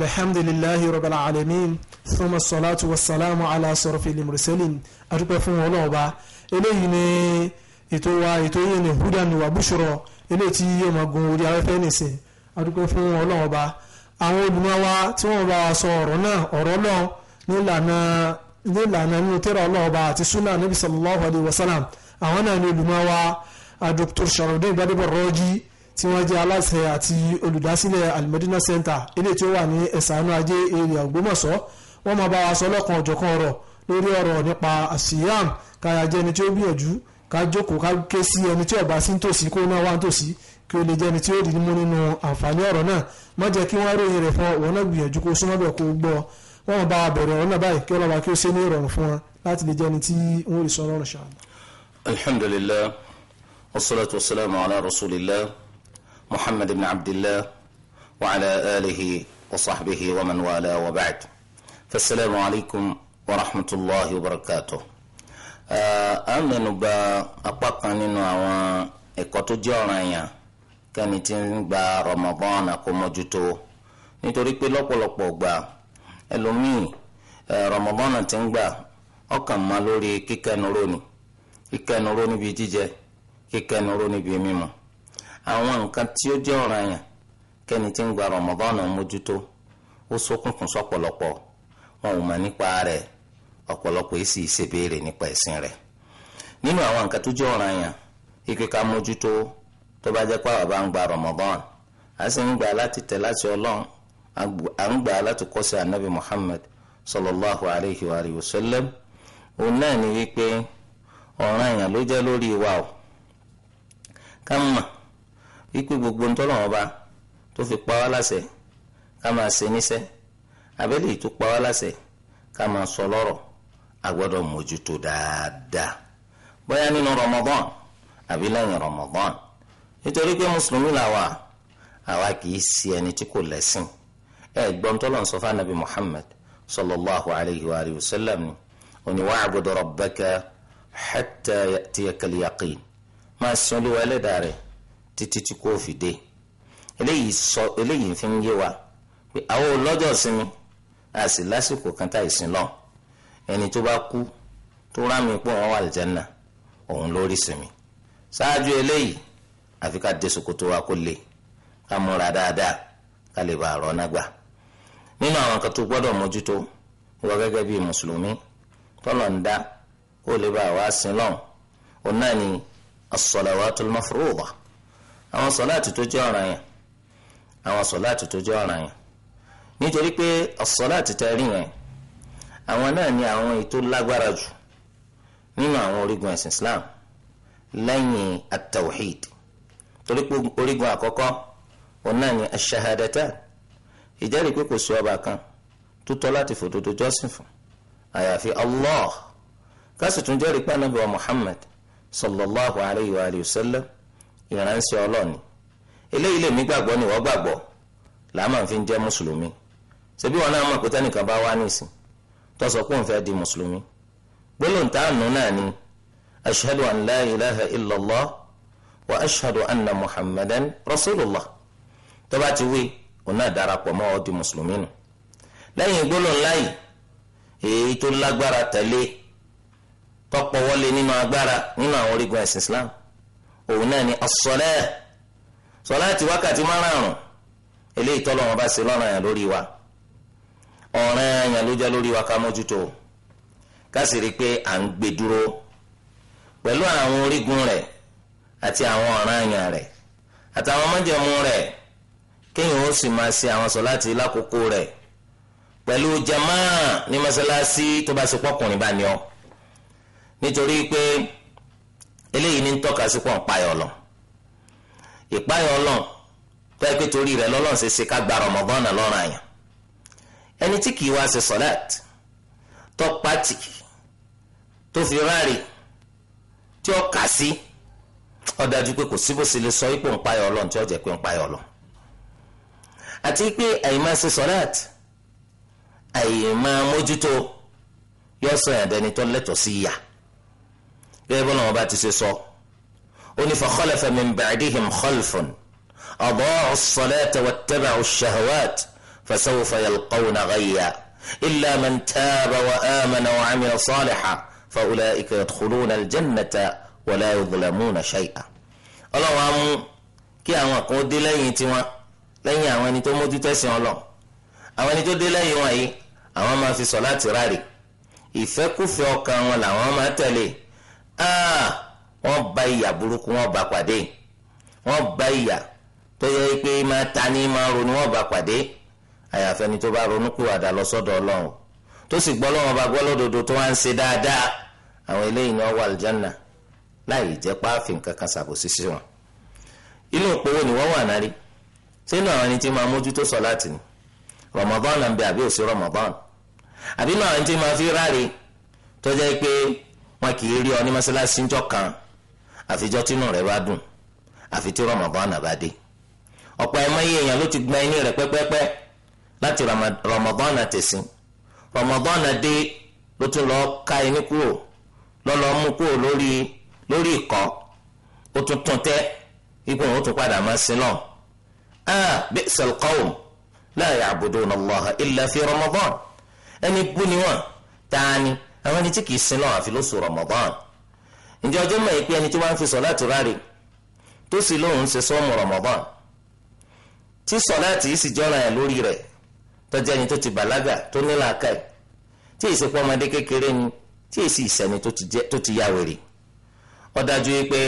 الحمد لله رب العالمين ثم الصلاة والسلام على صرف المرسلين أدوكو فون ولوبا إليه ني إتوا إتوا ني هدى وبشرى إليه تي يوم أقول يا فنسي أدوكو فون ولوبا àwọn olùmọ̀ wa tí wọ́n bá wa sọ ọ̀rọ̀ náà ọ̀rọ̀ náà nílànà nílànà nínú tẹ́rọ ọlọ́ọ̀ba àti súnà níbi sallallahu alaihi wasallam àwọn náà ni olùmọ̀ Dr. Sharafdin Gbadebo Rọ́jí tí wọ́n jẹ́ aláṣẹ àti olùdásílẹ̀ Almedina Center eléyìí tí ó wà ní ẹ̀sánú ajé èrè Ògbómọ̀ṣọ́ wọ́n máa bá wa sọ lọ́kan ọ̀jọ̀kan ọ̀rọ̀ lórí ọ̀rọ̀ nípa àṣìyàm káyàjẹ́ ẹni tí ó gbìyànjú ká jókòó ká ké sí ẹni tí ọba sí ń tòsí kó náà wá ń tòsí kí o lè jẹ́ ẹni tí ó rí mú nínú àǹfààní ọ̀rọ̀ náà má jẹ́ kí wọ́n ròyìn rẹ̀ fún ọ محمد بن عبد الله وعلى آله وصحبه ومن والاه وبعد فالسلام عليكم ورحمة الله وبركاته أمن بأقوى ننوى ẹ̀kọ́ tó jẹ́ ọ̀ràn yẹn kẹ́ni tí ń gba Ramadan kó mójútó nítorí pé lọ́pọ̀lọpọ̀ gbà ẹlòmíì uh, Ramadan tí ń gbà ọkàn máa lórí kíkẹ́nuró ni kíkẹ́nuró níbi jíjẹ kíkẹ́nuró níbi mímu àwọn nǹkan tí ó jẹ́ ọ̀ranyàn kẹ́ni tí ń gba Ramadan mójútó ó ṣókùnkùn sọ́pọ̀lọpọ̀ wọn ò mọ̀ nípa rẹ̀ ọ̀pọ̀lọpọ̀ èsì ìṣèbéèrè nípa ẹ̀sìn rẹ̀ nínú àwọn nǹkan tó jẹ́ ọ̀ranyàn ike ká mójútó tó bá jẹ́ bá ń Muhammad sallallahu alayhi wa sallam òun náà ni wípé ló jẹ́ lórí wa wípé gbogbo ntọ́nà ọba tó fi pa wá láṣẹ ká máa ṣe níṣẹ́ abẹ́lẹ̀ tó pa wá láṣẹ ká máa sọ lọ́rọ̀ a gbọ́dọ̀ mójútó dáadáa bóyá nínú Ramadan àbí lẹ́yìn Ramadan nítorí pé mùsùlùmí làwà àwa kì í ṣe ẹni tí kò lẹ́sìn ẹ gbọ́n tọ́lọ̀ ń sọ fún anabi Muhammad sallallahu alayhi wa alihi wa sallam ni òní wa'budu rabbaka hatta ya'tiyakal yaqin máa sin olúwa ẹlẹ́dàá títí tí kò fi dé eléyìí sọ eléyìí fi ń yé wa pé àwọn ọlọ́jọ́ sinmi a sì lásìkò kan tá ìsìn lọ ẹni tó bá kú tó rámi pọ̀ wọ́n wà lìjánà òun lórí sinmi ṣáájú eléyìí àfi ká dé ṣòkòtò wa kó le ká múra dáadáa ká lè bá àrọ́ nágbà nínú àwọn kan tó gbọ́dọ̀ mójútó ìwọ gẹ́gẹ́ bíi mùsùlùmí tọ́lọ̀ ń dá kó lè bá àwa sin lọ́hùn òun náà ni as-salawatul mafruḍah àwọn sọláàtì tó jẹ́ ọ̀ràn yẹn àwọn sọláàtì tó jẹ́ ọ̀ràn yẹn nítorí pé sọláàtì tẹ rí yẹn àwọn náà ni àwọn èyí tó lágbára jù nínú àwọn orígun ẹ̀sìn Islam lẹ́yìn at-tawhid torí pé orígun àkọ́kọ́ òun náà ni ash ìjẹ́rìí pé kò sí ọba kan tó tọ́ láti fòdodo jọ́sìn fún àyàfi Allah ká jẹ́rìí pé Ànábì Muhammad sallallahu alayhi wa sallam ìránṣẹ́ ọlọ́ọ̀ni eléyìí lèmi gbàgbọ́ ni wọ́n gbàgbọ́ làámà fi ń jẹ́ mùsùlùmí ṣebí wọn náà mọ̀ pé tẹ́nìkan bá wá nísìn tó sọ pé òun fẹ́ di mùsùlùmí gbólóǹtà àánú náà ni ashhadu an la ilaha illallah wa ashhadu anna muhammadan rasulullah tó bá ti wí òun náà darapọ̀ mọ́ ọ di mùsùlùmí nù lẹ́yìn gbólóǹlá yìí èyí tó lágbára tẹ̀lé tọ́pọ̀ wọlé nínú agbára nínú àwọn orígun ẹ̀sìn islam òun náà ni as-salat sọláàtì wákàtí márùn-ún eléyìí tọ́lọ̀ wọn bá ṣe lọ́ràn yàn lórí wa ọ̀ràn yàn ló jẹ́ lórí wa ká mójútó ká sì rí i pé à ń gbé dúró pẹ̀lú àwọn orígun rẹ̀ àti àwọn ọ̀ràn yàn rẹ̀ àtàwọn májẹ̀mú rẹ̀ kéèyàn ó sì máa ṣe àwọn sọláàtì lákòókò rẹ̀ pẹ̀lú jamaa ní mọ́sálásí tó bá ṣe pọ́kùnrin bá ní ọ nítorí pé eléyìí ní ń tọ́ka sí pọ̀ ń payọ̀ ọlọ́ ìpayọ̀ ọlọ́ tó yẹ pé torí rẹ̀ lọ́lọ́run ṣe ṣe ká gba Ramadan lọ́rùn àyàn ẹni tí kì í wá ṣe sọ́láàt tó pàtì tó fi ráàrí tí ó kà sí ó dájú pé kò síbòsí lè sọ ipò ń payọ̀ ọlọ́ tí ó jẹ́ pé ń payọ̀ ọlọ́ àti pé àyè máa ṣe sọ́láàt àyè máa mójútó yọ sọ ẹ̀dẹ́ni tó lẹ́tọ̀ọ́ sí ìyà gẹ́gẹ́ bọ́lá wọn bá ti ṣe sọ ó ní fa khalafa min ba'dihim khalfun adaa'u as-salata wattaba'u ash-shahawat fasawfa yalqawna ghayya illa man taba wa amana wa 'amila salihan fa ulaika yadkhuluna al ìfẹ́kùfẹ́ ọkàn wọn làwọn máa tẹ̀lé Ah, wọ́n ba ìyà burúkú wọ́n ba pàdé wọ́n ba ìyà tó yẹ pé máa ta ní máa ronú wọ́n ba pàdé àyàfẹ́ni tó bá ronú ọlọ́run tó sì gbọ́ dáadáa àwọn eléyìí ni wọ́n wà láì jẹ́ sí wọn. ilé òpówó ni wọ́n wà náà rí sínú àwọn ẹni tí máa mójútó sọ láti Ramadan àbí òsì Ramadan àbí náà ẹni tí máa kì í rí ọ ní mọ́sálásí ńjọ́ kan àfijọ́ tínú rẹ̀ bá dùn àfi tí Ramadan bá dé ọ̀pọ̀ ẹ̀mọ́ yìí èèyàn ló ti gbọ́n ẹni rẹ̀ pẹ́pẹ́pẹ́ láti Ramadan tẹ̀sìn Ramadan dé ló tún lọ́ọ́ ká ẹni kúrò lọ́lọ́ mú kúrò lórí lórí ìkọ́ ó tún tún tẹ́ ipò ó tún padà máa sin náà ah bi'sal qawm la ya'buduna Allah illa fi Ramadan ẹni bú ni wọ́n tání àwọn ẹni tí kìí sin náà àfi lóṣù Ramadan ǹjẹ́ ọjọ́ mọ̀ pé ẹni tí wọ́n fi sọ̀láàtì ráre tó sì lóun ṣe sọ́ọ̀mù Ramadan tí sọ̀láàtì yìí sì jọ́ra ẹ̀ lórí rẹ̀ tọ́jú ẹni tó ti bàlágà tó ní làákàyè tí ìsìnkú ọmọdé kékeré ni tí èsì ìsẹ̀ni tó ti yá wèrè ó dájú pé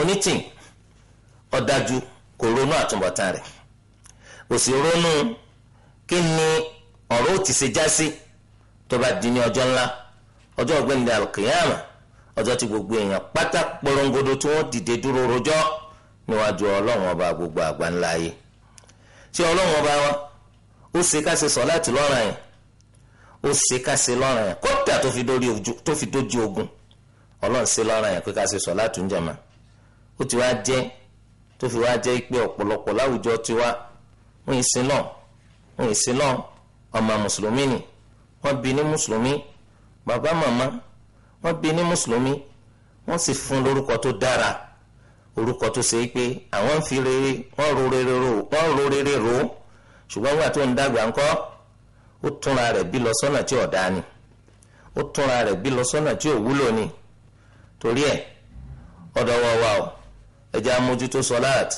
onítìn ó dájú kò ronú àtúbọ̀tán rẹ̀ kò ronú kí ni ọ̀rọ̀ ò ti ṣe já sí. Si tó bá di ní ọjọ́ ńlá ọjọ́ ọ̀gbẹ́ni alkiyama ọjọ́ tí gbogbo èèyàn pátá porongodo tí wọ́n dìde dúró rojọ́ níwájú ọlọ́run ọba gbogbo àgbà ńlá ayé tí ọlọ́run ọba wa ó ṣe ká ṣe sọ̀láàtì lọ́ràn yẹn ó ṣe ká ṣe lọ́ràn yẹn kódà tó fi dójú ogun ọlọ́run ṣe lọ́ràn yẹn pé ká ṣe sọ̀láàtì ń jàmá ó ti wá jẹ́ tó fi wá jẹ́ pé ọ̀pọ̀lọpọ̀ láwùjọ tiwa wọ́n ì sin náà wọ́n ì sin náà ọmọ mùsùlùmí nìyí wọ́n bi ní mùsùlùmí bàbá màmá wọ́n bi ní mùsùlùmí wọ́n sì fún lórúkọ tó dára orúkọ tó ṣe é pé àwọn ń fi rere wọ́n ro rere ro wọ́n ro rere ro ṣùgbọ́n wà tó ń dàgbà ńkọ́ ó túnra rẹ̀ bí lọ sọ́nà tí ò ni ó túnra rẹ̀ bí lọ sọ́nà tí ni torí ẹ̀ ọ̀dọ̀ wọ̀ o ẹ̀jẹ̀ amójútó sọ́láàtì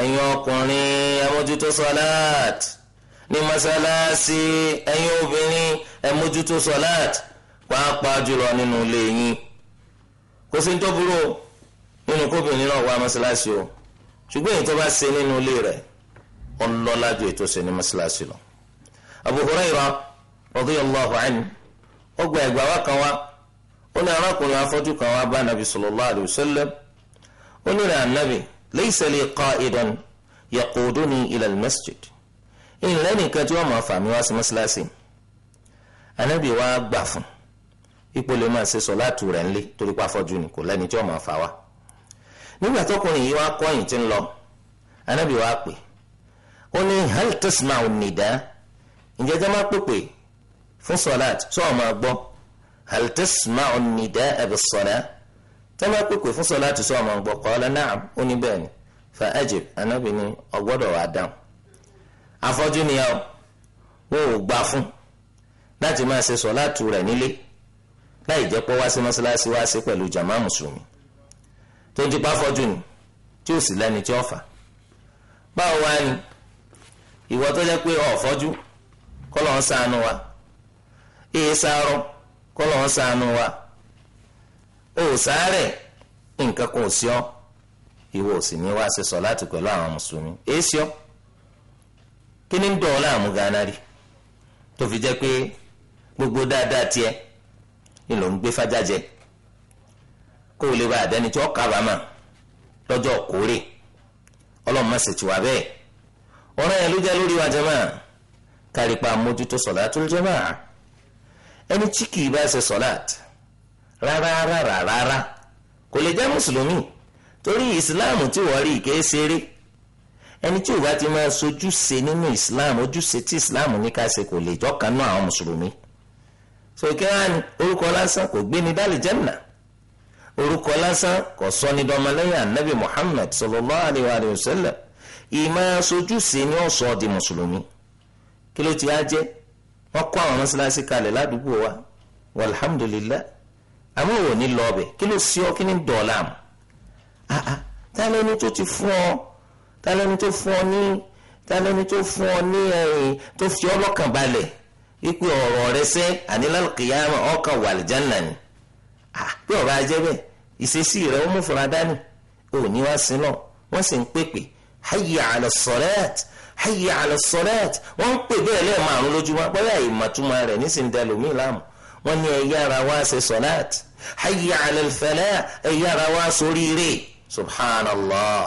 ẹ̀yin ọkùnrin amójútó sọ́láàtì. ní masalasi ẹ̀yin obìnrin ẹ mójútó sọláàt pàápàá jùlọ nínú ilé yín kò sí ní tó burú nínú kóbìnrin náà wá masalasi o ṣùgbọ́n èyí tó bá ṣe nínú ilé rẹ̀ ọlọ́lá ju ètò ṣe ní masalasi lọ. Abu Hurayra radiyallahu anhu ó gba ẹ̀gbà wá kan wá ó ní arákùnrin afọ́jú kan wá bá nàbì sallallahu alayhi wa ó ní rẹ̀ ànábì laysa li qa'idan yaquduni ila al-masjid ìlẹ́ nìkan tí wọ́n mọ̀ fàmí wá sí mọ́ṣáláṣí anábì wa gbà fún ipò lè máa ṣe sọ láti rẹ̀ ńlẹ̀ torí pé afọ́jú ni kò lẹ́ni tí wọ́n mọ̀ fà wá nígbà tọkùnrin yìí wá kọ́yìn tí ń lọ anábì wa pè ó ní hal tasma'u nida ǹjẹ́ jẹ́ máa pèpè fún sọ́láàtì tó ọ̀ máa gbọ́ hal tasma'u nida bis-salah tẹ́ máa pèpè fún sọ́láàtì tó ọ̀ máa gbọ́ qala na'am ó ní bẹ́ẹ̀ ni fa ajib anábì ni ọgbọ́dọ̀ wà dáhùn afọ́jú nìyẹn o wọn ò gbà fún láti máa ṣe sọ̀láàtù rẹ̀ nílé láì jẹ́ pé wá sí mọ́ṣáláṣí wá sí pẹ̀lú jàmá mùsùlùmí tó ń tipa afọ́jú ni tí ò sì lẹ́ni tí ó fà báwo wá ni ìwọ tó jẹ́ pé ọ̀fọ́jú kọ́ lọ́n ṣàánú wa èè sàárọ̀ kọ́ lọ́n ṣàánú wa ò sàárẹ̀ nǹkan kan ò sí ọ ìwọ ò sì ní wá ṣe sọ̀láàtù pẹ̀lú àwọn mùsùlùmí èè sí ọ. kí ni ń dọ̀ ọ́ láàmú fi jẹ́ pé gbogbo dáadáa tiẹ̀ ni ló ń gbé fájá kó o lè bá àdẹ́ni tí ó kábàámà lọ́jọ́ kórè ọlọ́run má ṣe tiwa bẹ́ẹ̀ ọ̀rọ̀ yẹn ló jẹ́ lórí wa jàmáà kárípa mójútó sọ̀láàtul jàmáà ẹni tí kì í bá ṣe ẹni tí ìwà ti máa sojúṣe nínú islam ojúṣe tí islam ní ká ṣe kò lè jọ́kan náà àwọn mùsùlùmí so kí wọ́n á ní orúkọ lásán kò gbé ní dálì jẹ́nà orúkọ lásán kò sọ ní dọ́mọlẹ́yìn anabi muhammad sallallahu alayhi wa sallam ìmọ̀ sojúṣe ni ó sọ di mùsùlùmí kí ló ti á jẹ́ wọ́n kọ́ àwọn mọ́ṣáláṣí kalẹ̀ ládùúgbò wa walhamdulillah àmọ́ òní lọ́ọ̀bẹ̀ kí ló sí ọ kí ni dọ̀ọ̀lá mu ah ah táwọn ẹni tó ti fún ọ ta lẹni tó fún ọ ní ta lẹni tó fún ọ ní ẹ̀yìn tó fi ọ lọ́kàn balẹ̀ wípé ọ̀rọ̀ rẹ sẹ́ ànílálùkìyàmọ̀ ọkàn wà lìjánà ni bí ọ̀rọ̀ ajẹ bẹ́ẹ̀ ìṣesí rẹ ó mú fura dání ò ní wá sí náà wọ́n sì ń pèpè hayya ala salat hayya ala salat wọ́n ń pè bẹ́ẹ̀ lẹ́ẹ̀márùn lójúmọ́ bóyá ìmọ̀túmọ̀ rẹ̀ nísìnyí dẹlòmíì láàmú wọ́n ní ẹ yára wá ṣe salat hayya ala al falah ẹ yára wá sóríire subhanallah.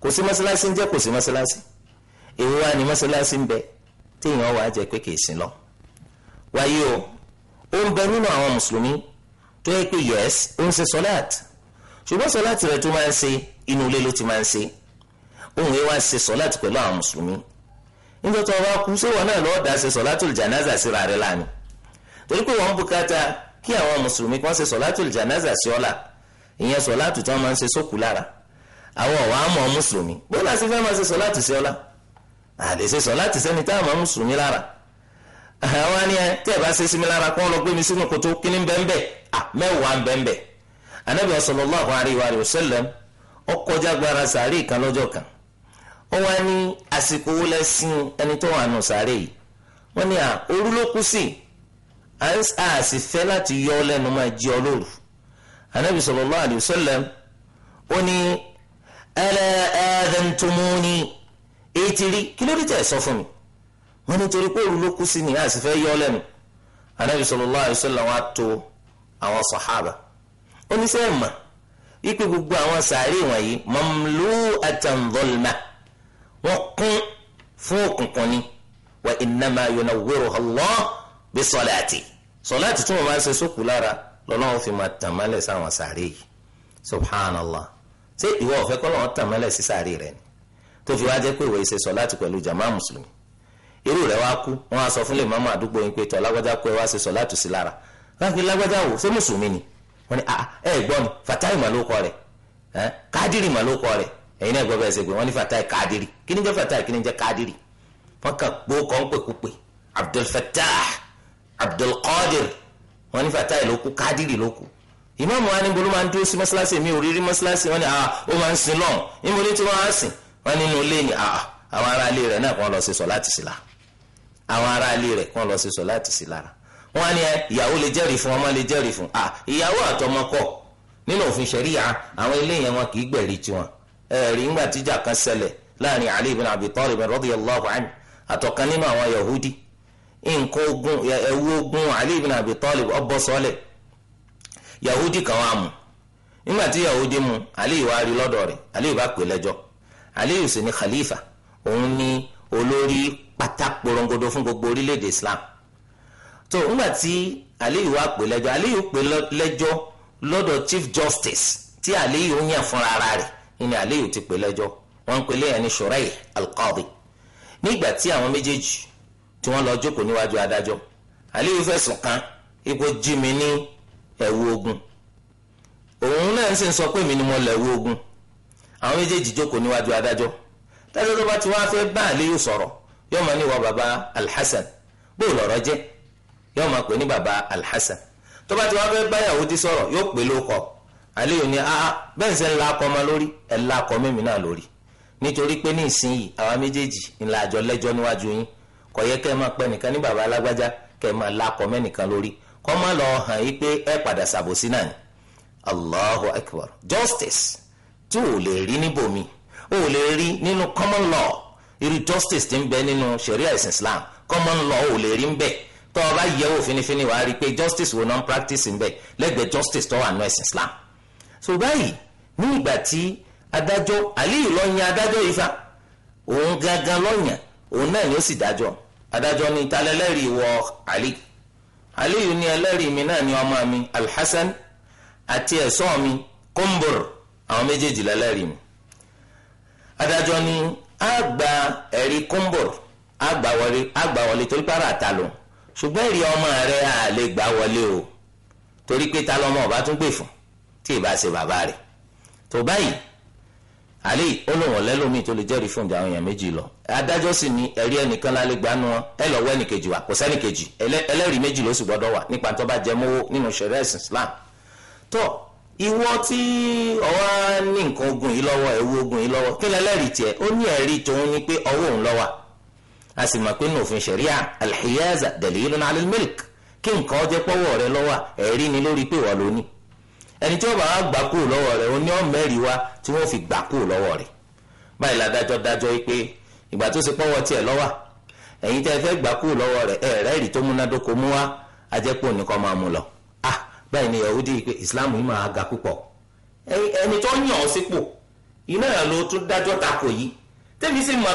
kò sí mọ́sálásí ń jẹ́ kò sí mọ́sálásí èwo wa ni mọ́sálásí ń bẹ téèyàn wà á jẹ pé kìí sin lọ. wáyé o ó ń bẹ nínú àwọn mùsùlùmí tó yẹ pé yẹ́s ó ń ṣe sọ́láàt ṣùgbọ́n sọ́láàt rẹ̀ tó máa ń ṣe inú ilé ló ti máa ń ṣe òun yẹn wá ṣe sọ́láàt pẹ̀lú àwọn mùsùlùmí níjọ́ tó bá kú sí wọn náà lọ́ọ́ dá ṣe sọ́láàtul jànáza síra rẹ̀ lánàá torí pé wọ́n bùkátà kí àwọn mùsùlùmí kan ṣe sọ́láàtul jànáza sí ọ́la ìyẹn sọ́láàtù tí máa ń ṣe sókù lára àwọn ọ̀wá àmọ́ mùsùlùmí bó fẹ́ máa ṣe sọ láti ṣe ọlá àlè ṣe sọ láti ṣẹ́ni tá mùsùlùmí lára àwọn lára kó lọ gbé mi sínú kíní bẹ́ẹ̀nbẹ́ẹ́ anabi gbára sàárè kan lọ́jọ́ kan ní àsìkò wo lẹ́sìn ẹni tó wà sàárè yìí à ló kú sí à sì fẹ́ láti yọ ọ lẹ́nu máa jí ọ lóru ó ẹlẹ́ ẹ̀ẹ́dẹ̀ntomóni èyí ti rí kí ló dé tẹ̀ sọ fún mi wọn nítorí pé òru ló kú sí ni a sì fẹ́ yọ ọ lẹ́nu anabi sallallahu alaihi wasallam wa tó àwọn sàhábà oníṣẹ́ ìmọ̀ ipe gbogbo àwọn sàárè wọ̀nyí mamlu'atan dhulma wọ́n kún fún òkùnkùn ni wa innama yunawwiruha Allah bi salati sọláàtì tí wọ́n máa ń ṣe sókù lára lọ́lọ́run fi máa tàn málẹ̀ sáwọn sàárè yìí subhanallah ṣé ìwọ ọ̀fẹ́ kọ́ lọ́wọ́ tàn mọ́lẹ̀ sí sàárè rẹ̀ ni tó fi wá jẹ́ pé ìwé ṣe sọ láti pẹ̀lú jàmáà mùsùlùmí irú rẹ̀ wá kú wọ́n á sọ fún lè mọ́mọ́ àdúgbò yín pé tọ́ lágbájá kú ẹ wá ṣe sọ láti sí lára wọ́n fi lágbájá wò ṣé mùsùlùmí ni wọ́n ní ah, ẹ gbọ́ ni fatai mà ló kọ rẹ̀ kádìrì mà ló kọ rẹ̀ ẹ̀yin náà gbọ́ bẹ́ẹ̀ ṣe pé wọ́n ní fatai kádìrì kí ni jẹ́ fatai kí ni jẹ́ kádìrì wọ́n kà gbó kàn pèkúpè Abdul Fattah Abdul Qadir wọ́n ní fatai ló kú kádìrì ló kú ìmáàmù wa ní bolo máa ń dúró sí mọ́ṣáláṣí mi ò rí rí mọ́ṣáláṣí wọn ni ah ó máa ń sin náà níbo tí wọ́n á sìn wọ́n nínú ilé ni ah àwọn ará ilé rẹ̀ náà kàn lọ sí sọ láti sí la àwọn ará ilé rẹ̀ kàn lọ sí sọ láti sí lára wọ́n á ní eh, ìyàwó lè jẹ́rìí fún ọmọ lè jẹ́rìí fún ah ìyàwó àtọmọ kọ́ nínú òfin ṣẹ̀ríyà àwọn ilé yẹn wọn kì í gbẹ̀rí tiwọn ẹ̀rí ńgbà tíjà kan ṣẹlẹ̀ láàrin Ali ibn Abi Talib radiyallahu anhu àtọ̀kan nínú àwọn Yahudi nǹkan ogun ẹ̀wú ogun Ali ibn Abi Talib ọbọ̀ sọ́lẹ̀ yahudi kan wá mú nígbà yahudi mú aliyu wá rí lọ́dọ̀ rẹ̀ aliyu bá pè lẹ́jọ́ aliyu sì ni khalifa òun ni olórí pátá porongodo fún gbogbo orílẹ̀-èdè islam tó nígbà tí aliyu wá pè lẹ́jọ́ aliyu pè lẹ́jọ́ lọ́dọ̀ chief justice tí aliyu yàn fúnra rẹ̀ ni aliyu ti pè lẹ́jọ́ wọ́n ń pè lẹ́yìn ní shuraih alqadi nígbà tí àwọn méjèèjì tí wọ́n lọ jókòó níwájú adájọ́ aliyu fẹ̀sùn kàn ipò jí mi ewu ogun òun náà sì ń sọ pé èmi ni mo ogun àwọn méjèèjì jókòó níwájú adájọ́ tájọ́ tó bá ti wá fẹ́ bá Aliyu sọ̀rọ̀ yóò máa ní bàbá Alhassan bó lọ̀rọ̀ jẹ́ yóò máa pè ní bàbá Alhassan tó bá ti wá fẹ́ Aliyu ní bẹ́ẹ̀ sẹ́ akọ ọmọ lórí ẹ̀ akọ náà lórí nítorí pé ní ìsinyìí àwọn méjèèjì ńlá àjọ lẹ́jọ́ níwájú yín nìkan ní kọ́ má lọ hàn yí pé ẹ padà ṣàbòsí náà ni allahu akbar justice tí ò lè rí níbòmí ò lè rí nínú common law irú justice ti ń bẹ nínú sharia ẹ̀sìn islam common law ò lè rí ń bẹ tó o bá yẹ̀wò finifini wàá rí i pé justice wo non practice ń bẹ lẹ́gbẹ̀ẹ́ justice tó wà nínú ẹ̀sìn islam so báyìí ní ìgbà tí adájọ́ aliyu lọ yan adájọ́ ifá òun gangan lọ yàn òun náà ni ó sì dájọ́ adájọ́ ní talẹ́lẹ́rìí wọ ali aliyu ni ẹlẹ́rìí mi náà ni ọmọ mi alhassan àti ẹ̀sọ́ mi kumbur àwọn méjèèjì lẹ́lẹ́rìí mi adájọ́ ni a gba ẹ̀rí kumbur a gbà wọlé torí para ta lò ṣùgbọ́n ẹ̀rí ọmọ rẹ̀ a lè gbà wọlé o torí pé ta ọba tún gbè fún tí ì bá ṣe bàbá rẹ̀ tó báyìí ali olóhùn ọlẹ́lómi tó lè jẹ́rìí fún ìjà àwọn èèyàn méjì lọ adájọ́ sì ni ẹ̀rí ẹnìkan lálẹ́ gbanú wọn ẹ lọ́wọ́ ẹnìkejì wa kò sẹ́nìkejì ẹlẹ́rìí méjì ló sì gbọ́dọ̀ wà nípa tó bá jẹ mọ́wọ́ nínú ṣẹ̀ríà ẹ̀sìn Islam tó ìwọ tí ọwọ́ ní nǹkan ogun yìí lọ́wọ́ ẹ̀wú ogun yìí lọ́wọ́ kí lẹ́lẹ́rìí tiẹ̀ ó ní ẹ̀rí tòun ni pé ọwọ́ òun lọ́wà a sì mọ̀ pé nùfin ṣẹ̀ríà alhiyaza dalilun ala almilk kí nǹkan ọjẹ́ pọ́wọ́ rẹ lọ́wà ẹ̀rí ni lórí pé wà lónìí ẹni tí ó bá gbà kúrò lọ́wọ́ rẹ̀ ó ní ọ̀mẹ́rì wá tí wọ́n fi gbà lọ́wọ́ rẹ̀ báyìí ládájọ́ dájọ́ yìí pé ìgbà tó ṣe pọ́wọ́ tiẹ̀ lọ́wọ́ ẹ̀yin tẹ́ ẹ̀ rẹ́ ìrì tó mú wá yahudi pé islam yìí máa ga púpọ̀ ẹni tó yàn ọ́ sípò iná ló tún dájọ́ takò yìí tẹ́bi sì mà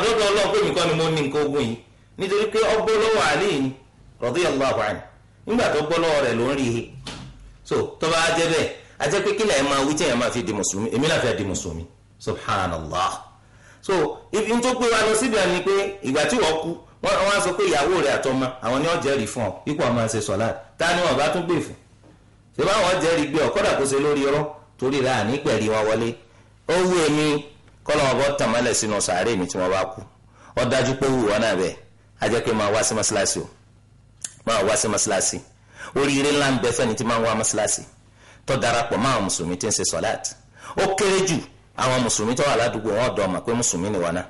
dọ́dọ̀ pé àti pé kílẹ̀ ẹ̀ máa wí tí ẹ̀ máa fi di mùsùlùmí èmi náà fẹ́ di mùsùlùmí subhanallah so ibi tó gbé wa lọ síbi àná ni pé ìgbà tí wọ́n kú wọ́n wá sọ pé ìyàwó rẹ̀ àtọmọ àwọn ni wọ́n jẹ́rìí fún ọ ipò àwọn máa ṣe sọ̀láàtì ta ni wọn bá tún gbè fún ṣé báwọn wọ́n jẹ́rìí gbé ọ kọ́dà kó ṣe lórí ọ̀rọ̀ torí rẹ̀ àní pẹ̀lú wọn wọlé ó wú èmi kọ́lọ́ wọn bọ́ tàmálẹ̀ sínú sàárè mi tí wọ́n bá kú ọ dájú pé wù wọn náà bẹ́ẹ̀ a jẹ́ pé máa wá sí mọ́ṣáláṣí o máa wá sí mọ́ṣáláṣí oríire ńlá ń bẹ fẹ́ni tí máa ń wá mọ́ṣáláṣí tó darapọ̀ mọ́ àwọn mùsùlùmí tí ń ṣe sọ̀láàtì ó kéré jù àwọn mùsùlùmí tó wà ládùúgbò wọn dọ̀ ọmọ pé mùsùlùmí ni wọn náà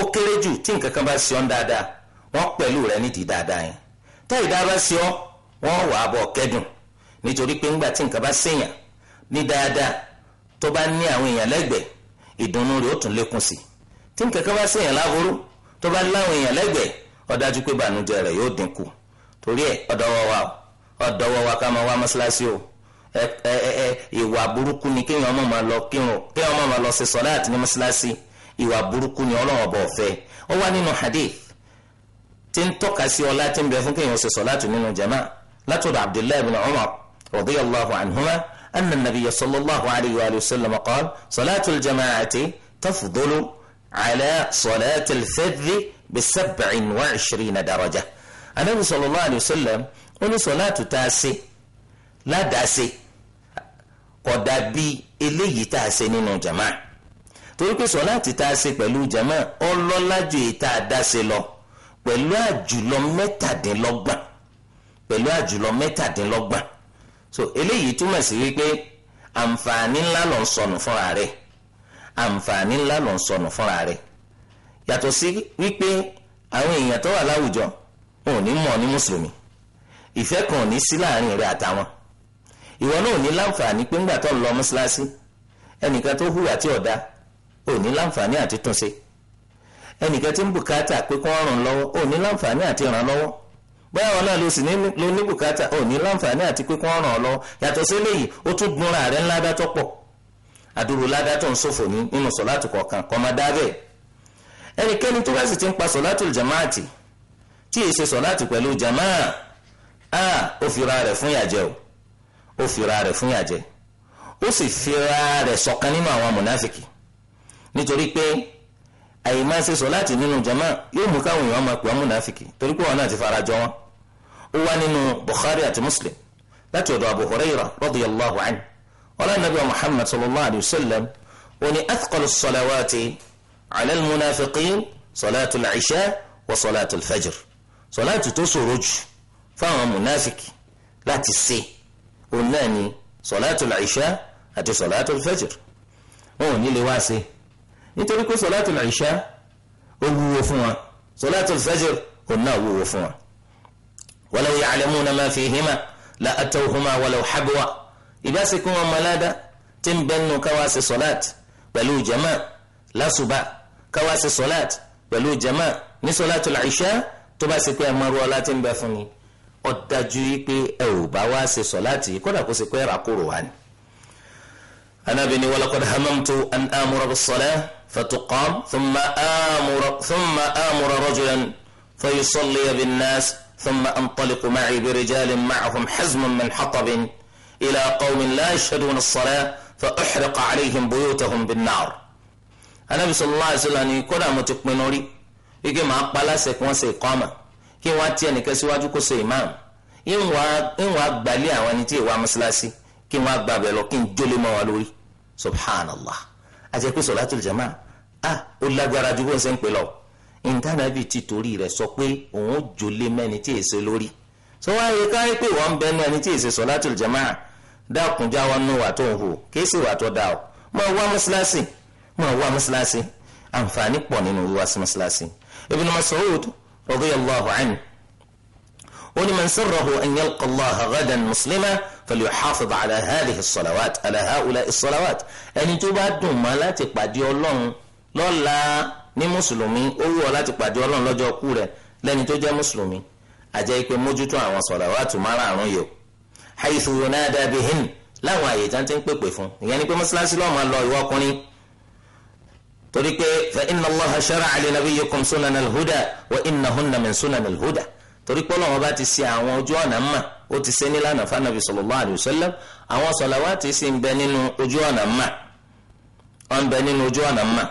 ó kéré jù tí nǹkan kan bá ṣe dáadáa wọ́n pẹ̀lú rẹ nídìí dáadáa yẹn tó ìdá bá ṣe ọ́ wọ́n wà á bọ̀ kẹ́dùn nítorí pé ńgbà tí nǹkan bá ní dáadáa tó bá ní àwọn èèyàn lẹ́gbẹ̀ẹ́ ìdùnnú rẹ̀ ó tún lékún wá mọ́ṣáláṣí ìwà burúkú ni kéèyàn ọmọ máa lọ kírun kéèyàn ọmọ máa lọ ṣe sọláàtì ní mọ́ṣáláṣí ìwà burúkú ni ọlọ́run ọba ọ̀fẹ́ ó wá nínú hadith tí ń tọ́ka sí ọlá tí ń bẹ fún kéèyàn ṣe sọláàtì nínú jama látọ̀dọ̀ abdullahi bin umar radiyallahu anhuma anna nabiyya sallallahu alayhi wa sallam qaal salatu aljamaati tafdulu ala salati alfadhi bi sab'in wa ishrina daraja anabi sallallahu alayhi wa sallam ó ní sọláàtì tá a kódà bí eléyìí tá a ṣe nínú jama torí pé sọláàtì tá a ṣe pẹ̀lú jama ọlọ́lá ju èyí tá a dá ṣe lọ pẹ̀lú àjùlọ mẹ́tàdínlọ́gbọ̀n pẹ̀lú àjùlọ mẹ́tàdínlọ́gbọ̀n so eléyìí túmọ̀ sí wípé àǹfààní ńlá ló ń sọnù fúnra rẹ̀ àǹfààní ńlá ló ń sọnù fúnra rẹ̀ yàtọ̀ sí wípé àwọn èèyàn tó wà láwùjọ wọn mọ̀ ní mùsùlùmí ìfẹ́ kan ò ní sí láàrin rẹ̀ àtàwọn ìwọ náà ní láǹfààní pé ńgbà tó ń lọ mọ́ṣáláṣí ẹnìkan tó hùwà tí ọ̀dà ò ní láǹfààní àti túnṣe ẹnìkan tí ń bùkátà pé kó ràn lọ́wọ́ ò ní láǹfààní àti ràn lọ́wọ́ bóyá wọn náà ló sì ló ní bùkátà ò ní láǹfààní àti pé lọ́wọ́ yàtọ̀ sí eléyìí ó tún gbọ́nra rẹ̀ ńlá dátọ́ pọ̀ àdúró ń ní nínú sọ̀látù kọ̀ọ̀kan bẹ́ẹ̀ ẹnikẹ́ni tó bá sì ti ń pa sọ̀látù jamaati tí sọ̀látù pẹ̀lú o ó fira rẹ̀ fún yàjẹ́ ó sì fira rẹ̀ sọ̀kan nínú àwọn mùnáfìkì nítorí pé àyè máa ń ṣe sọ láti nínú jama yóò mú káwọn èèyàn máa pè wọn mùnáfìkì torí pé wọn náà ti fara jọ wọn ó wá nínú Bukhari àti Muslim láti ọ̀dọ̀ Abu Hurairah radiyallahu anhu ọlá nàbí Muhammad sallallahu alayhi wa sallam ó ní athqalu salawati ala al-munafiqin salatu wa salatu fajr salatu tó ṣòro jù fáwọn mùnáfìkì láti ṣe òun náà ni sọ̀látùl ìṣá àti sọ̀látùl fẹ́jìr wọn ò ní lè wá ṣe nítorí pé sọ̀látùl ìṣá ó wúwo fún wọn sọ̀látùl fẹ́jìr òun náà wúwo fún wọn. walaw ya'lamuna ma fihima la atawhuma walaw habwa ìbáṣekú wọn mọ́ládá tí ń bẹ́ẹ̀ nù káwá ṣe sọ̀lát pẹ̀lú jama lásùbà káwá ṣe sọ̀lát pẹ̀lú jama ní sọ̀látùl ìṣá tó bá ṣe pé ẹ̀ mọ́rú ọlá tí ń bẹ fún ni ọdájú dájú wípé ẹ ò bá wá ṣe sọ̀láàtì yìí kódà kó ṣe pé ràkúrò wá ni. anábì ni wọlé walaqad hamamtu an amura bis-salah fatuqam thumma amura thumma amura rajulan fayusalliya bin-nas thumma antaliqu ma'i birijalin ma'ahum hazmun min hatabin ila qawmin la yashhaduna as-salah fa uhriqa alayhim buyutahum bin-nar. anábì sallallahu alayhi wa sallam ni kódà mo ti pinnu rí ike màá pa láṣẹ kí ṣe iqama. kí wọ́n á ti ẹnìkan síwájú kó ṣe imam ìwọ̀n àgbálẹ̀ àwọn ẹni tí ìwà mọ́ṣáláṣí kí wọ́n á gba abẹ lọ kí n jólè mọ́ wọn lórí subhanallah àti ẹ̀pẹ́ solatul jamaa ah ó lágbára ju bó ń ṣe ń pè lọ ìntànàbì ti torí rẹ̀ sọ pé òun ó jólè mẹ́ni tí èsè lórí sọ wá yẹ ká pé wọ́n ń bẹnu ẹni tí èsè solatul jamaa dákunjá wọn nù wà tó ń hù kí èsì wà tó dá o máa wá mọ́ṣáláṣí máa wá mọ́ṣáláṣí àǹfààní pọ̀ nínú wíwá sí mọ́ṣáláṣí Ibn Mas'ud رضي الله عنه ولمن سره أن an الله غدا مسلما فليحافظ على هذه hadhihi على هؤلاء haula أن ẹni tó bá dùn mọ́ láti pàdé ọlọ́run lọ́la ní mùsùlùmí ó wù ọ́ láti pàdé ọlọ́run lọ́jọ́ kú rẹ̀ lẹ́ni tó jẹ́ mùsùlùmí àjẹ́ ìpè mójútó àwọn salawatu márààrún yìí haythu yunada bihin láwọn àyè tí wọ́n ti ń pèpè fún ìyẹn ni pé mọ́sálásí lọ́ọ́ máa lọ ìwọ torí pé fa inna Allaha shara'a li nabiyyikum sunan al-huda wa innahunna min sunan al-huda torí pé Ọlọ́hun bá ti ṣe àwọn ojú ọ̀nà mọ̀ ó ti ṣe nílànà fanabi sallallahu alayhi wa sallam àwọn salawati sì ń bẹ nínú ojú ọ̀nà mọ̀ ọ̀ ń bẹ nínú ojú ọ̀nà mọ̀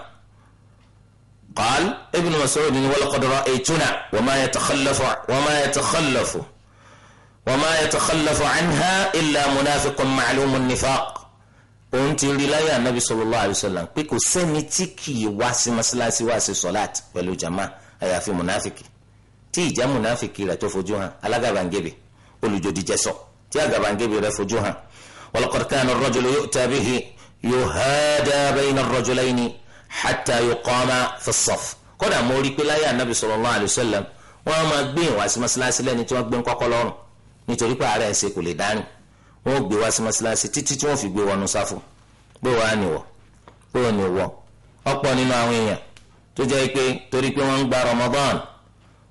قال ابن مسعود ولقد رأيتنا وما يتخلف وما يتخلف وما يتخلف عنها إلا منافق معلوم النفاق òun ti rí láyé anabi sallallahu alaihi wasallam pé kò sẹ́ni tí kì í wá sí mọ́sálásí wá sí sọ̀láàtì pẹ̀lú jama àyàfi mùnáfìkì tí ìjà mùnáfìkì rẹ̀ tó fojú hàn alágàbàǹgẹ̀bẹ̀ olùjòdìjẹsọ tí àgàbàǹgẹ̀bẹ̀ rẹ̀ fojú hàn wa laqad kana ar-rajulu yu'ta bihi yuhada bayna ar-rajulayni hatta yuqama fi as-saff kódà mo rí pé láyé anabi sallallahu alaihi wasallam máa gbé ìwà sí mọ́sálásí lẹ́ni tí wọ́n gbé ń kọ́kọ́ lọ́rùn nítorí pé àárẹ̀ ṣe kò lè dárìn wọn ò gbé wá sí mọ́ṣáláṣí títí tí wọ́n fi gbé wọnú sáfù bó wàá nìwọ̀ bó wàá nìwọ̀ ọ̀pọ̀ nínú àwọn èèyàn tó jẹ́ pé torí pé wọ́n ń gba Ramadan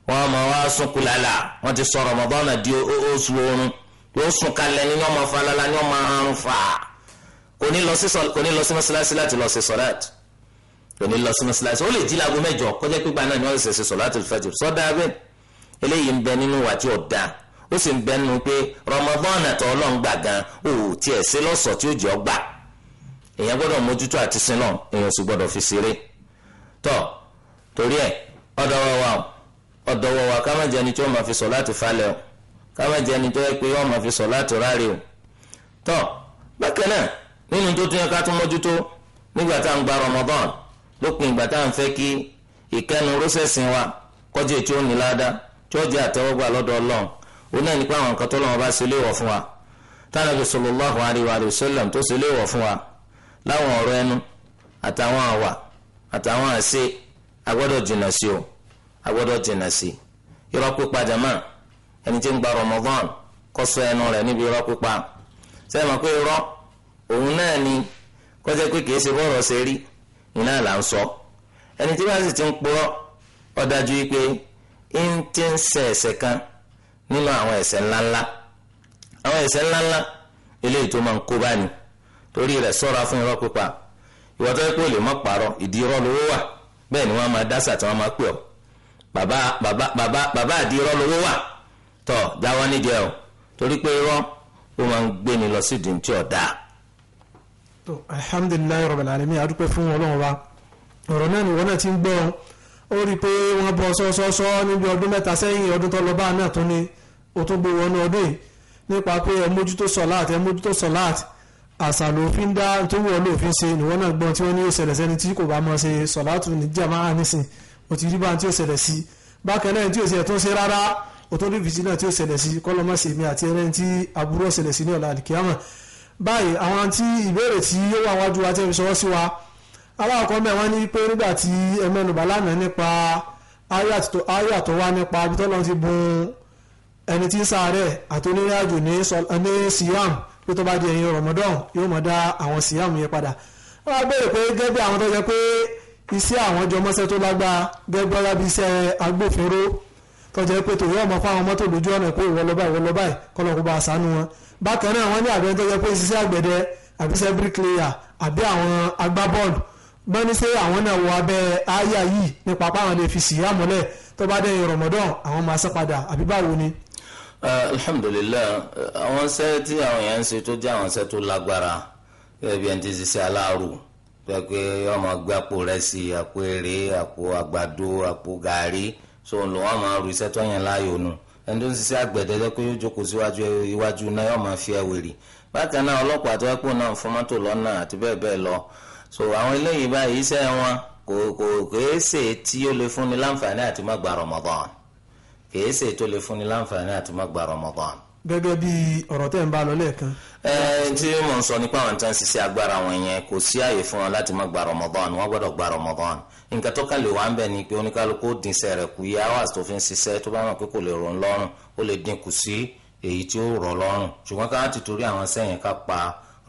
wọ́n mọ̀ wá sùn kúlálà wọ́n ti sọ Ramadan di oṣù oorun yóò sùn kalẹ̀ ní ọmọ falala ní ọmọ àrùn fà kò ní lọ sí mọ́ṣáláṣí láti lọ sí sọ́láàtì kò ní lọ sí mọ́ṣáláṣí ó lè jí láago mẹ́jọ kọjá pípa náà ni wọ́n sì ṣe sọ́láàtì fẹ́jọ sọ́dá bẹ́ẹ̀ eléyìí ń bẹ nínú wàjú ọ̀dà ó sì ń bẹnu pé rọmọbọ́ọ̀nù àti ọlọ́ngbà gan ò tiẹ̀ sí lọ́sọ̀ọ́ tí ó jẹ́ ọgbà èèyàn gbọ́dọ̀ mójútó àti sinọ́ èèyàn sì gbọ́dọ̀ fi ṣeré tọ́ torí ẹ̀ ọ̀dọ̀wọ̀wà ọ̀dọ̀wọ̀wà ká má jẹni tí ó máa fi sọ láti falẹ̀ o ká má jẹni yẹ pé láti ráre o tọ́ bákan nínú tó tún yẹ òun náà ní pé àwọn nǹkan tọ́lọ́run bá ṣe léèwọ̀ fún wa tánàbí sallallahu alayhi wa sallam tó ṣe léèwọ̀ fún wa láwọn ọ̀rọ̀ ẹnu àtàwọn àwà àtàwọn àṣe agbọ́dọ̀ jìnnà sí o agbọ́dọ̀ jìnnà sí irọ́ pípa jama ẹni tí ń gba Ramadan kó ṣọ́ ẹnu rẹ̀ níbi irọ́ pípa sẹ́yìn mọ̀ pé irọ́ òun náà ni kọ́jẹ́ pé kìí ṣe bọ́ọ̀rọ̀ ṣe rí iná là ń sọ ẹni tí wọ́n sì ti ń purọ́ ó dájú pé ń ti ń ṣe ẹ̀ṣẹ̀ kan nínú àwọn ẹ̀ṣẹ̀ ńláńlá àwọn ẹ̀ṣẹ̀ ńláńlá eléyìí tó máa ń kó torí rẹ ṣọ́ra fún irọ́ pípa ìwọ tó yẹ kó lè má ìdí irọ́ lówó wà bẹ́ẹ̀ ni wọ́n máa dásà tí wọ́n máa pè bàbá bàbá bàbá bàbá àdí lówó wà nídìí o torí pé ó máa ń alhamdulilayi rabbil alamin wa ó rí i pé wọ́n bọ́ sọ́sọ́sọ́ níbi ọdún mẹ́ta sẹ́yìn ọdún tó lọ bá náà tó Ni o tó gbé wọnú ọdún yìí nípa pé ẹ mójútó sọ̀láàt ẹ mójútó sọ̀láàt àṣà lòfin dá tó wù ọ́ lòfin ṣe ìwọ náà gbọ́n tí wọ́n ní yóò ṣẹlẹ̀ sẹ́ni tí kò bá mọ̀ ṣe sọ̀láàtù ní jàmáà nísìn o ti rí bá tí ó ṣẹlẹ̀ sí bákan náà tí ó ṣe ẹ̀tún ṣe rárá o tó aláwọ̀kọ́ bẹ́ẹ̀ wọ́n ní pé nígbà tí ẹ mẹ́nubà lánàá nípa áyà tó wá nípa ibi tó lọ́n ti bùn ẹni tí ń sáré àti onírìnàjò ní siam pé tó bá di ẹ̀yìn ramadan yóò mọ̀ dá àwọn siam yẹn padà wọ́n á béèrè pé gẹ́gẹ́ bí àwọn tó jẹ́ pé iṣẹ́ àwọn jọ mọ́ṣẹ́ tó lágbára gẹ́gẹ́ bọ́lá bí iṣẹ́ agbófinró tó jẹ́ pé tòun yóò mọ̀ fún àwọn mọ́tò lójú ọ̀nà pé ìwọ lọ báyìí ìwọ àbí àwọn agbábọ́ọ̀lù bọ́n ní ṣe àwọn náà wọ abẹ́ àyà yìí nípa apá àwọn lè fi sí àmọ́lẹ̀ tó bá dẹ̀yìn Ramadan àwọn máa sẹ́ padà àbí báwo ni. alhamdulillah àwọn ṣẹ́ tí àwọn èèyàn ń ṣe tó jẹ́ àwọn ṣẹ́ tó lágbára gẹ́gẹ́ bí ẹni tí ṣiṣẹ́ aláàrù pé pé wọ́n máa gbé àpò rẹsì àpò eré àpò àgbàdo àpò gàrí so òun ló wọ́n máa rú iṣẹ́ tó yẹn láàyò nù ẹni tó ń ṣiṣẹ́ àgbẹ̀dẹ jẹ́ pé yóò jókòó síwájú iwájú náà yóò máa fi ẹ̀wèrè bákan náà ọlọ́pàá tó so àwọn eléyìí báyìí iṣẹ́ wọn kò kò kèése tí ó lè fúnni láǹfààní àti má gba Ramadan kèése tó lè fúnni láǹfààní àti má gba Ramadan. gẹ́gẹ́ bí ọ̀rọ̀ tẹ́ ń bá lọ lẹ́ẹ̀kan. ẹ tí mò ń sọ nípa àwọn tó ń ṣiṣẹ́ agbára wọn yẹn kò sí àyè fún wọn láti má gba Ramadan wọn gbọ́dọ̀ gba Ramadan nǹkan tó kàn lè wá ń bẹ̀ ni pé oníkálukú dínsẹ̀ rẹ̀ kù yẹ hours tó fi ń ṣiṣẹ́ tó bá mọ̀ pé kò lè rọ̀ lọ́rùn ó lè dínkù sí èyí tí ó rọ̀ lọ́rùn ṣùgbọ́n ká ti torí àwọn sẹ́yìn ká pa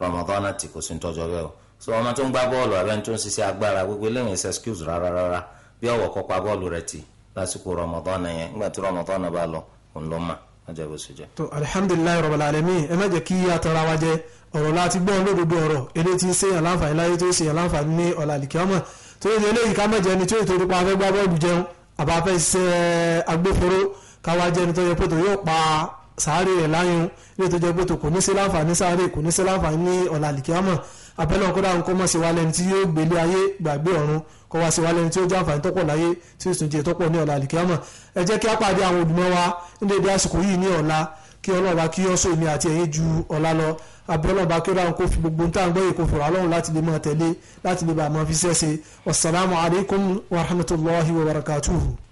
Ramadan àti kò sí ń tọ́jọ́ bẹ́ẹ̀ o so ọmọ tó ń gbá bọ́ọ̀lù abẹ́ni tó ń ṣiṣẹ́ agbára gbogbo eléyìí ń ṣe excuse rárá rárá bí ọ̀wọ̀ kọ́ pa bọ́ọ̀lù rẹ̀ tì lásìkò Ramadan yẹn nígbà tí Ramadan bá lọ òun ló mà ọjọ́ bó ṣe jẹ́. tó alihamdulilayi rabbil alamin ẹ má jẹ́ kí atara wa jẹ ọ̀rọ̀ láti gbọ́ lódodo ọ̀rọ̀ eré tí ń ṣe àlàǹfààní láyé tó ṣe àlàǹfààní ní ọ̀là àlìkíọ́mọ̀ tó yẹ eléyìí ká má jẹ́ ẹni tí ó torí pa afẹ́ gbá bọ́ọ̀lù jẹun àbáfẹ́ ṣe agbófinró káwá jẹ́ ẹni tó yẹ pé tó yóò pa sáré rẹ̀ láyún ní tó kò ní sí kò ní sí láǹfààní abẹ́lẹ́ ọkọ̀ dáhùn kó mọ̀ sí wa lẹ́ni tí yóò gbélé ayé gbàgbé ọ̀run kó wá sí wa lẹ́ni tí ó jẹ́ àǹfààní tọ́pọ̀ láyé tí ó sì jẹ́ tọ́pọ̀ ní ọ̀la àlìkíyàmọ̀ ẹ jẹ́ kí á pàdé àwọn olùmọ̀ wa nílé àsìkò yìí ní ọ̀la kí ọlọ́ọ̀ba kí ó sọ èmi àti ẹ̀yin ju ọ̀la lọ abẹ́lọ́ba kí ó dáhùn kó fi gbogbo ń tàn gbọ́ èkó fọ̀rọ̀ alọ́run láti lè máa tẹ̀lé láti lè bàa máa fi ṣẹ́ṣe wasalaamu alaykum wa rahmatulahi wa barakatuhu.